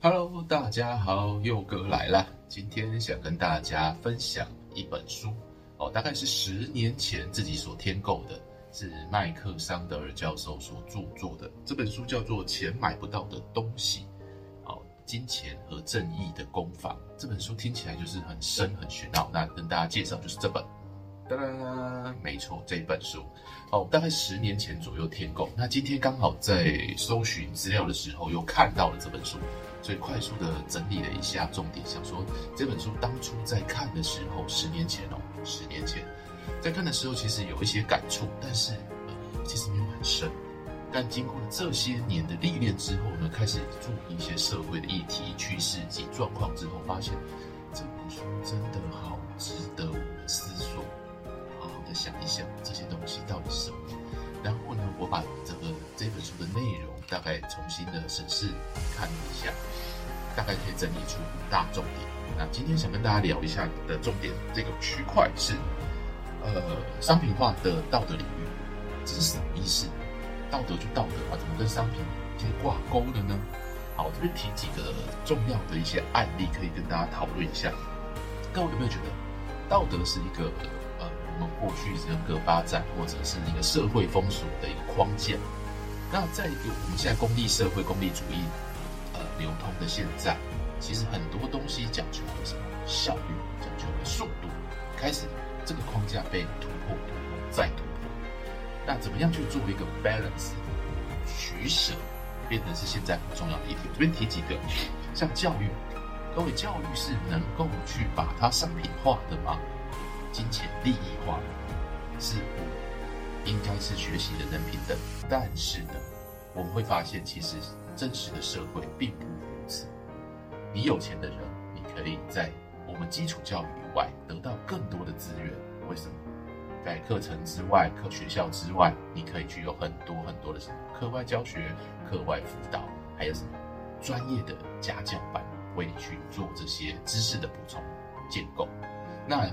哈嘍，Hello, 大家好，佑哥來啦。今天想跟大家分享一本書哦，大概是十年前自己所添購的，是麥克桑德爾教授所著作的這本書，叫做《錢買不到的東西》哦，金錢和正義的攻防。這本書聽起來就是很深很玄奧，那跟大家介紹就是這本。噔噔，啦，沒錯，這本書哦，大概十年前左右添購，那今天剛好在搜尋資料的時候，又看到了這本書，所以快速的整理了一下重點，想說這本書當初在看的時候，十年前哦，十年前在看的時候，其實有一些感觸，但是、呃、其實沒有很深。但經過了這些年的歷練之後呢，開始注意一些社會的議題、趨勢及狀況之後，發現這本書真的好。想一想這些東西到底是什麼？然後呢，我把這個這本書的內容大概重新的審視看了一下，大概可以整理出五大重點。那今天想跟大家聊一下的重點這個區塊是，呃，商品化的道德領域，這是什麼意思？道德就道德啊，怎麼跟商品先掛鈎了呢？好，我這邊提幾個重要的一些案例，可以跟大家討論一下。各位有沒有覺得道德是一個？我們過去人格發展或者是一個社會風俗的一個框架，那在一個我們現在功利社會、功利主義呃流通的現在，其實很多東西講究的是什麼效率，講究的速度，開始這個框架被突破，再突破。那怎麼樣去做一個 balance 取舍，變得是現在很重要的一點。這邊提幾個，像教育，各位教育是能夠去把它商品化的嗎？利益化是應該是學習的人平等？但是呢，我們會發現，其實真實的社會並不如此。你有錢的人，你可以在我們基礎教育以外得到更多的資源。為什麼？在課程之外、課學校之外，你可以具有很多很多的什麼課外教學、課外輔導，還有什麼專業的家教班為你去做這些知識的補充建構。那，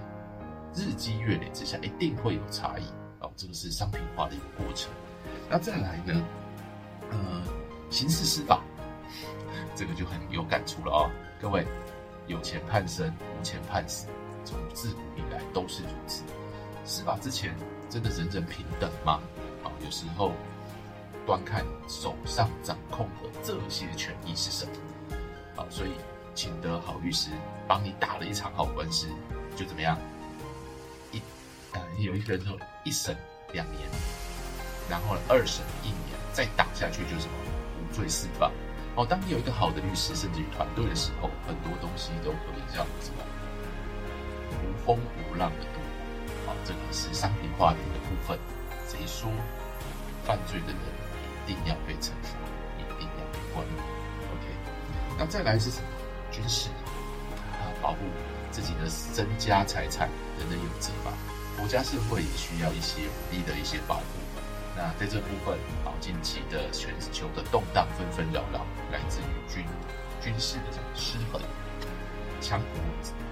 日積月累之下，一定會有差異。哦，這個是商品化的一個過程。那再來呢？呃，刑事司法，這個就很有感觸了啊、哦！各位，有錢判生，無錢判死，從自古以來都是如此。司法之前，真的人人平等嗎？啊、哦，有時候端看手上掌控的這些權益是什麼、哦。所以請得好律師，幫你打了一場好官司，就怎麼樣？有一個人說：“一審兩年，然後二審一年，再打下去就是什麼無罪釋放。哦”好，當你有一個好的律師甚至於團隊的時候，很多東西都可能叫什麼無風無浪的渡。好、哦，這個是商品化的一個部分。誰說、嗯、犯罪的人一定要被懲罰，一定要被關？OK，那再來是什麼軍事啊，保護自己的身家財產，人人有責吧。國家社會也需要一些武力的一些保護。那在這部分，好、哦，近期的全球的動盪紛紛擾擾，來自於軍軍事的這種失衡，強國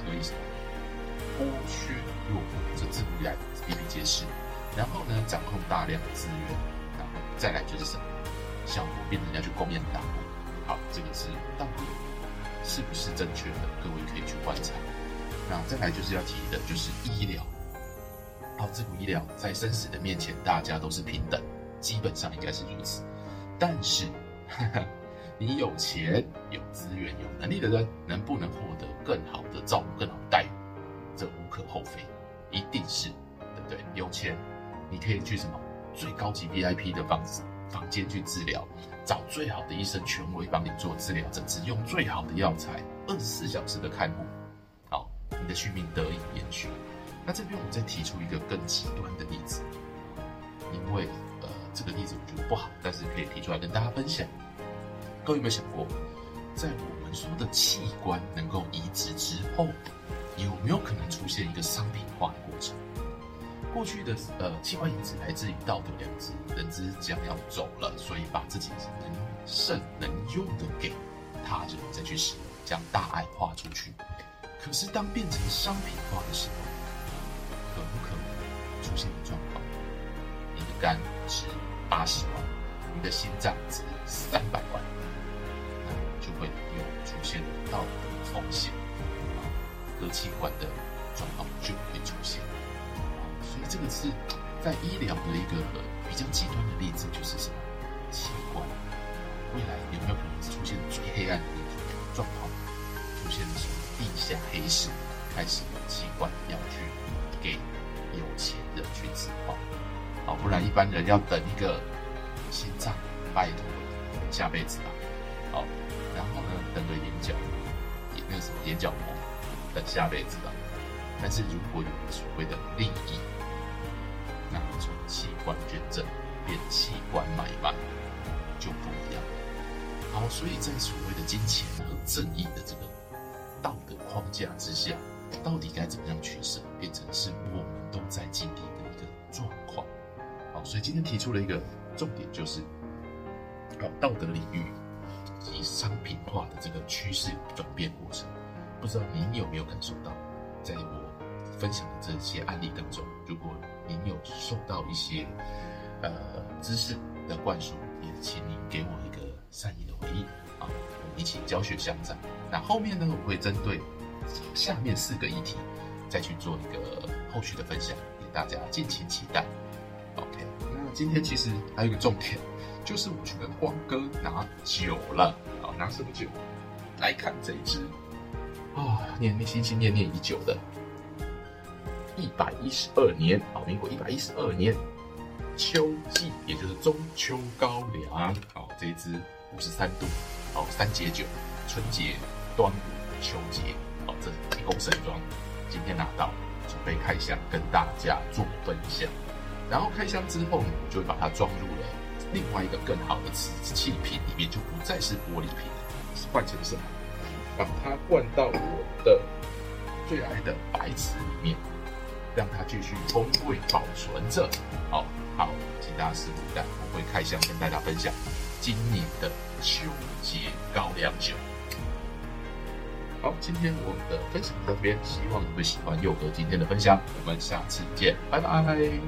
可以剝削弱國，這自古以來比比皆是。然後呢，掌控大量的資源，然後再來就是什麼，向周邊人家去供應大國。好，這個是道理，到底是不是正確的？各位可以去觀察。那再來就是要提的，就是醫療。哦，自古醫療在生死的面前，大家都是平等，基本上應該是如此。但是呵呵，你有錢、有資源、有能力的人，能不能獲得更好的照顧、更好的待遇，這無可厚非，一定是，對不對？有錢，你可以去什麼最高級 VIP 的房子房間去治療，找最好的醫生、權威幫你做治療、整治，用最好的藥材，二十四小時的看護，好、哦，你的續命得以延續。那這邊我們再提出一個更極端的例子，因為呃這個例子我覺得不好，但是可以提出來跟大家分享。各位有沒有想過，在我們說的器官能夠移植之後，有沒有可能出現一個商品化的過程？過去的呃器官移植來自於道德良知，人之將要走了，所以把自己能剩能用的給他人，再去使用，將大愛化出去。可是當變成商品化的時候。出現的狀況，你的肝值八十萬，你的心臟值三百萬，那麼就會有出現到風險，啊，各器官的狀況就會出現，啊，所以這個是在醫療的一個比較極端的例子，就是什麼器官未來有沒有可能出現最黑暗的狀況？出現什麼地下黑市開始，有器官要去給。有錢的君子，好、哦哦，不然一般人要等一個心臟，拜托，下輩子吧。好、哦，然後呢，等個眼角也沒有、那個、什麼眼角膜，等下輩子吧、哦。但是如果有所謂的利益，那從器官捐贈變器官買賣就不一樣了。好、哦，所以在所謂的金錢和正義的這個道德框架之下。到底該怎麼樣取舍，變成是我們都在經歷的一個狀況。好，所以今天提出了一個重點，就是好道德領域及商品化的這個趨勢轉變過程。不知道您有沒有感受到，在我分享的這些案例當中，如果您有受到一些呃知識的灌輸，也請您給我一個善意的回應啊，我們一起教學相長。那後面呢，我會針對。下面四個議題，再去做一個後續的分享，也大家敬請期待。OK，那今天其實還有一個重點，就是我去跟光哥拿酒了，好，拿什麼酒？來看這一支，啊、哦，念念心心念念已久的，一百一十二年，好，民國一百一十二年秋季，也就是中秋高粱，好，這一支五十三度，好，三節酒，春節、端午、秋節。這提供盛裝，今天拿到，準備開箱跟大家做分享。然後開箱之後呢，我就會把它裝入了另外一個更好的瓷器瓶裡面，就不再是玻璃瓶，換成什麼？把它灌到我的最愛的白瓷裡面，讓它繼續風味保存着。好，好，請大家拭目以待，我會開箱跟大家分享今年的秋節高粱酒。好，今天我們的分享到這邊，希望你會喜歡佑哥今天的分享，我們下次見，拜拜。